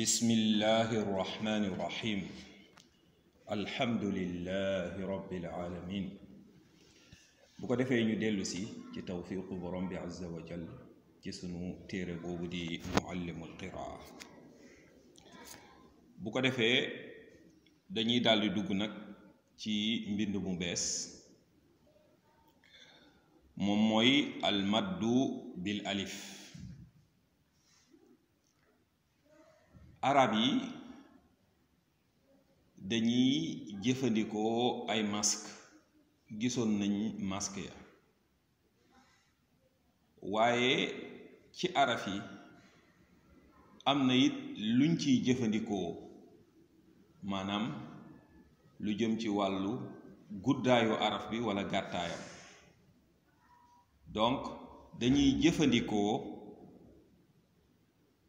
بسم الله الرحمن الرحيم الحمد لله رب bu ko defee ñu dellusi ci tawfiqu borom bi azza wa ci sunu téere boobu di muallimul ko defee dañuy daldi dugg nag ci mbind mu bees moom mooy almaddu bil alif arab yi dañuy jëfandikoo ay masque gisoon nañ masque ya waaye ci araf yi am na it luñ ciy jëfandikoo maanaam lu jëm ci wàllu guddaayu araf bi walla gàttaayam donc dañuy jëfandikoo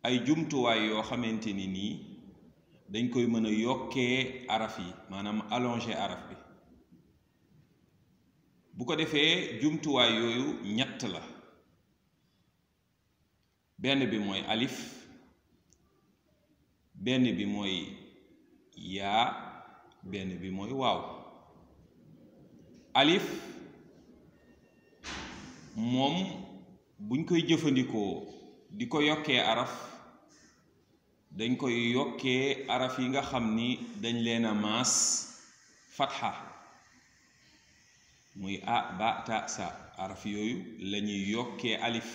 ay jumtuwaay yoo xamante ni nii dañ koy mën a yokkee araf yi maanaam allonger araf bi bu ko defee jumtuwaay yooyu ñett la benn bi mooy alif benn bi mooy yaa benn bi mooy waaw alif moom buñ koy jëfandikoo di ko yokkee araf dañ koy yokkee araf yi nga xam ni dañ leen a maas fatxa muy a ba ta sa araf yooyu lañuy yokkee alif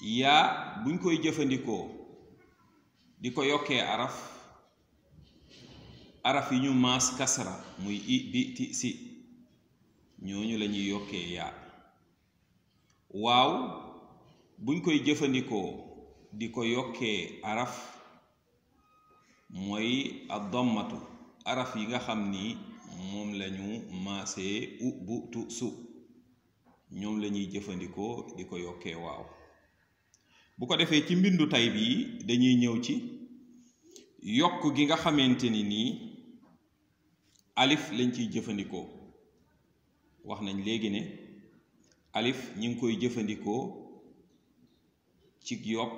yaa buñ koy jëfandikoo di ko yokkee araf araf yi ñu maas kasra muy i bi ti si ñooñu lañuy yokkee yaa waaw buñ koy jëfandikoo di ko yokkee araf mooy ab dommatu araf yi nga xam ni moom lañu maasee u bu tu su ñoom lañuy jëfandikoo di ko yokkee waaw bu ko defee ci mbindu tay bii dañuy ñëw ci yokk gi nga xamante ni nii alif lañ ciy jëfandikoo wax nañ léegi ne alif ñi ngi koy jëfandikoo ci yokk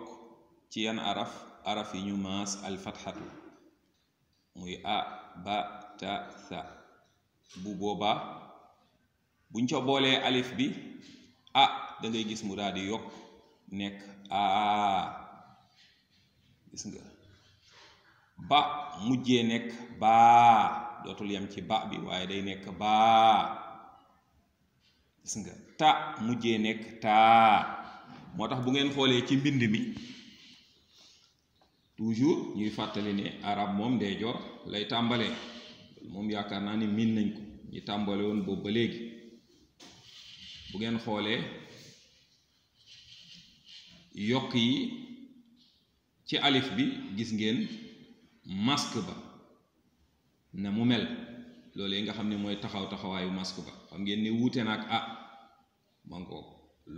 ci yan araf araf yi ñu maas alfatxatu muy a ba ta sa bu boobaa buñ ca boolee alif bi a dangay gis mu daal di yokk nekk a gis nga ba mujjee nekk baa dootul yem ci ba bi waaye day nekk baa gis nga ta mujjee nekk taa moo tax bu ngeen xoolee ci mbind mi toujours ñuy fàttali ne arab moom ndeyjoor lay tàmbalee moom yaakaar naa ni miin nañ ko ñu tàmbale woon boobu ba léegi bu ngeen xoolee yokk yi ci alif bi gis ngeen masque ba na mu mel loolu yi nga xam ne mooy taxaw taxawaayu masque ba xam ngeen ni wute na ak ah man ko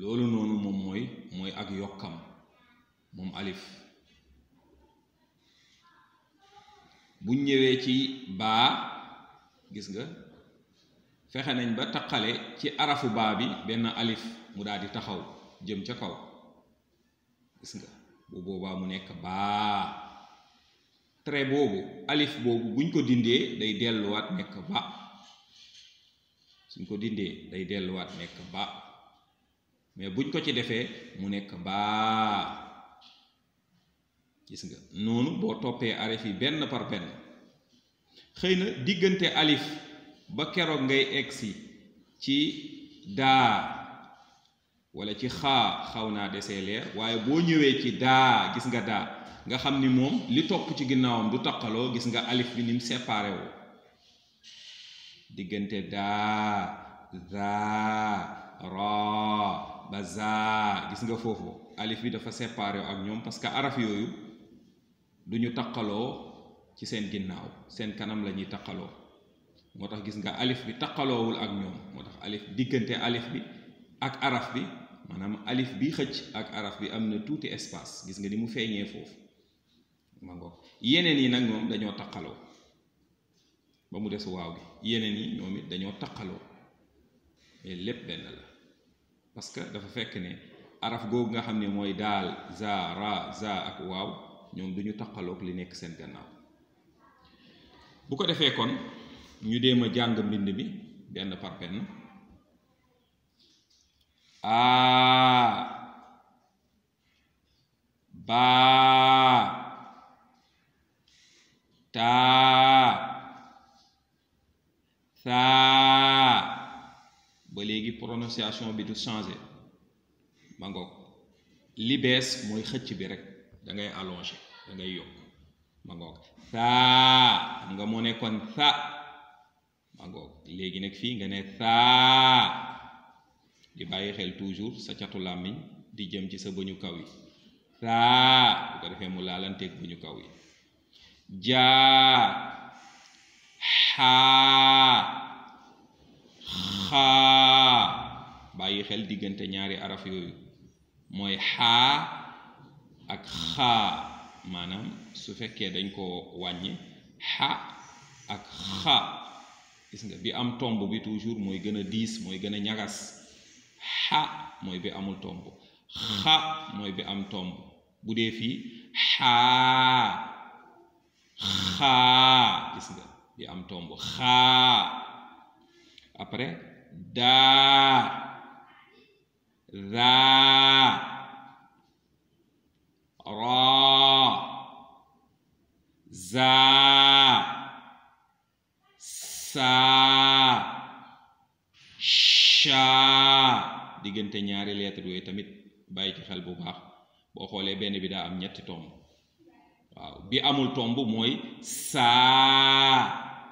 loolu noonu moom mooy mooy ak yokkam moom alif buñ ñëwee ci baa gis nga fexe nañ ba taqale ci arafu baa bi benn alif mu daal di taxaw jëm ca kaw gis nga boobaa mu nekk baa trait boobu alif boobu buñ ko dindee day delluwaat nekk ba suñ ko dindee day delluwaat nekk ba mais buñ ko ci defee mu nekk baa gis nga noonu boo toppee arif yi benn par benn xëy na diggante alif ba keroog ngay egsi ci daa wala ci xaa xaw naa desee leer waaye boo ñëwee ci daa gis nga daa nga xam ni moom li topp ci ginnaawam du taqaloo gis nga alif bi ni mu séparé diggante daa zaa raa ba gis nga foofu alif bi dafa séparé ak ñoom parce que araf yooyu duñu taqaloo ci seen ginnaaw seen kanam la ñuy taqaloo moo tax gis nga alif bi taqaloowul ak ñoom moo tax alif diggante alif bi ak araf bi maanaam alif bi xëcc ak araf bi am na tuuti espace gis nga ni mu feeñee foofu ma yeneen yi nag moom dañoo taqaloo ba mu des waaw gi yeneen yi ñoom it dañoo taqaloo mais lépp benn la parce que dafa fekk ne araf googu nga xam ne mooy daal saa ra za ak waaw ñoom duñu taqaloog li nekk seen gannaaw bu ko defee kon ñu déem a jàng mbind mi benn par benn aa baa taa saa ba léegi prononciation bi du changé ma ngoog li bees mooy xëcc bi rek da ngay allongé da ngay yokk ma saa nga moo nekkoon sa ma ngoog léegi nag fii nga ne saa di bàyyi xel toujours sa catu làmmiñ di jëm ci sa bëñu kaw yi saa bu ko defee mu laalanteeg bëñu kaw yi jaa xaa xaa bàyyi xel diggante ñaari araf yooyu mooy xaa ak xaa maanaam su fekkee dañ ko wàññi xa ak xa gis nga bi am tomb bi toujours mooy gën a diis mooy gën a ñagas xa mooy bi amul tomb xa mooy bi am tomb bu dee fii xaa xaa gis nga di am tomb xaa après daa raa zaa saa shaa diggante ñaari lettre yooyu tamit bàyyi ci xel bu baax boo xoolee benn bi daa am ñetti tomb waaw bi amul tomb mooy saa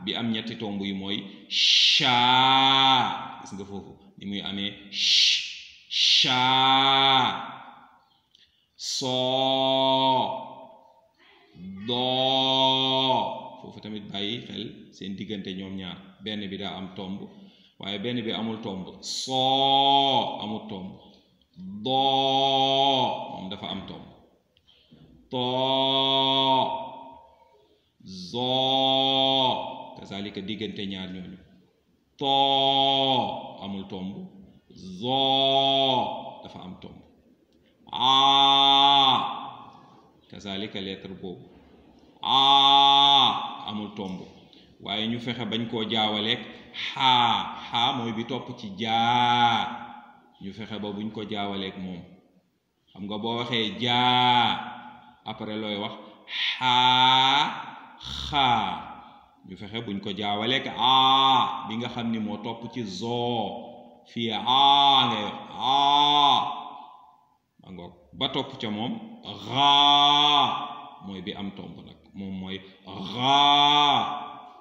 bi am ñetti tomb yi mooy shaa gis nga foofu ni muy amee shaa soo doo foofu tamit bàyyi xel seen diggante ñoom ñaar benn bi daa am tomb waaye benn bi amul tomb soo amul tomb doo moom dafa am tomb too zoo kazalika diggante ñaar ñooñu too amul tomb zoo dafa am tomb aa kazalika lettre boobu aa amul tomb waaye ñu fexe bañ koo jaawaleeg xaa xaa mooy bi topp ci jaa ñu fexe ba buñ ko jaawaleeg moom xam nga boo waxee jaa après looy wax xaa xaa ñu fexe buñ ko jaawaleek aa bi nga xam ni moo topp ci zoo fii aa ngay aa ba ngoog ba topp ca moom xaa mooy bi am tomb nag moom mooy xaa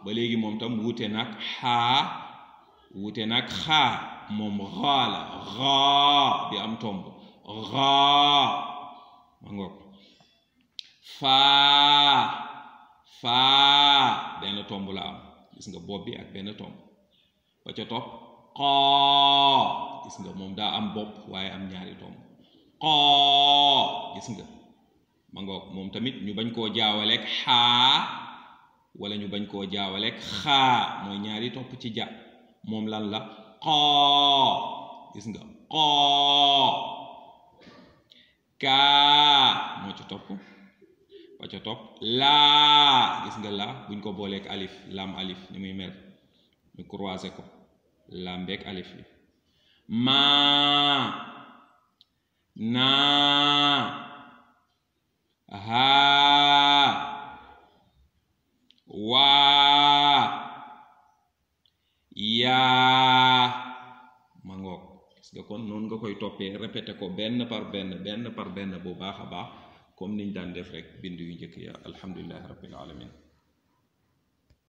ba léegi moom tam wuute nag xaa wuute nag xaa moom xaa la xaa bi am tomb xaa ba ngoog faa faa benn tomb la am gis nga bopp bi ak benn tomb ba ca topp xoo gis nga moom daa am bopp waaye am ñaari tomb xoo gis nga ma moom tamit ñu bañ koo jaawaleeg xaa wala ñu bañ koo jaawaleeg xaa mooy ñaari topp ci ja moom lan la xoo gis nga xoo kaa moo ci topp ba ca topp laa gis nga laa buñ ko booleeg alif laam alif ni muy mel ñu croiser ko laam alif bi maa naa haa waa ma ngoog gis nga kon noonu nga koy toppee répété ko benn par benn benn par benn bu baax a baax comme niñ daan def rek bind yu njëkk ya alhamdulilahi rabbil alamin